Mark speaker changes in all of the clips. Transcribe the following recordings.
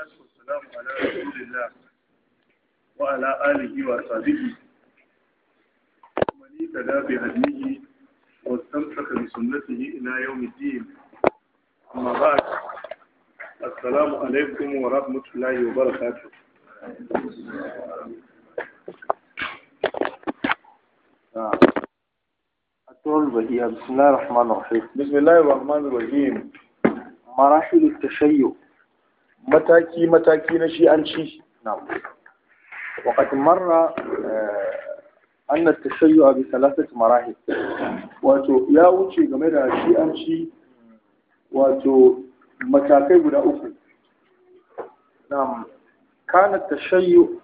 Speaker 1: والصلاة والسلام على رسول الله وعلى آله وصحبه ومن اهتدى بهديه واستمسك بسنته إلى يوم الدين أما بعد السلام عليكم ورحمة الله وبركاته بسم الله الرحمن الرحيم بسم الله الرحمن الرحيم مراحل التشيع mataki mataki na shi'anci na'am وقد مر أن التشيع بثلاثة مراحل wato ya wuce game da shi'anci wato matakai guda uku na'am kana tashayyu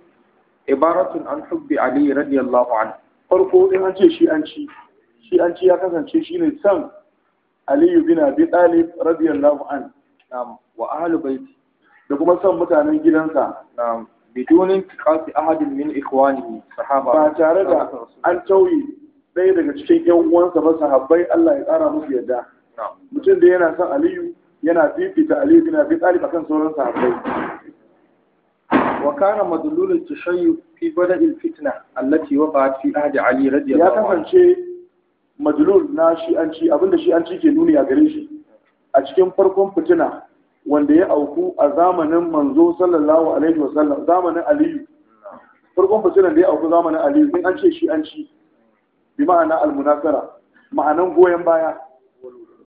Speaker 1: ibaratun an hubbi ali radiyallahu anhu farko in an ce shi'anci shi'anci ya kasance shine san ali bin abi talib radiyallahu anhu na'am wa ahli baiti da kuma son mutanen gidansa na bidonin kasi ahadin min ikwani sahaba ba tare da an tauye ɗaya daga cikin yan uwansa ba sahabbai Allah ya ƙara musu yadda mutum da yana son Aliyu yana fifita Aliyu bin Abi Talib akan sauran sahabbai wa kana madlul at-tashayyu fi bada'il fitna allati waqa'at fi ahd Ali radiyallahu anhu ya kasance madlul na shi an ci abinda shi an ci ke nuni a gare shi a cikin farkon fitina wanda ya auku a zamanin manzo sallallahu alaihi wa sallam zamanin aliyu farkon fasiran da ya auku zamanin aliyu in an ce shi an ci bi ma'ana almunasara ma'anan goyon baya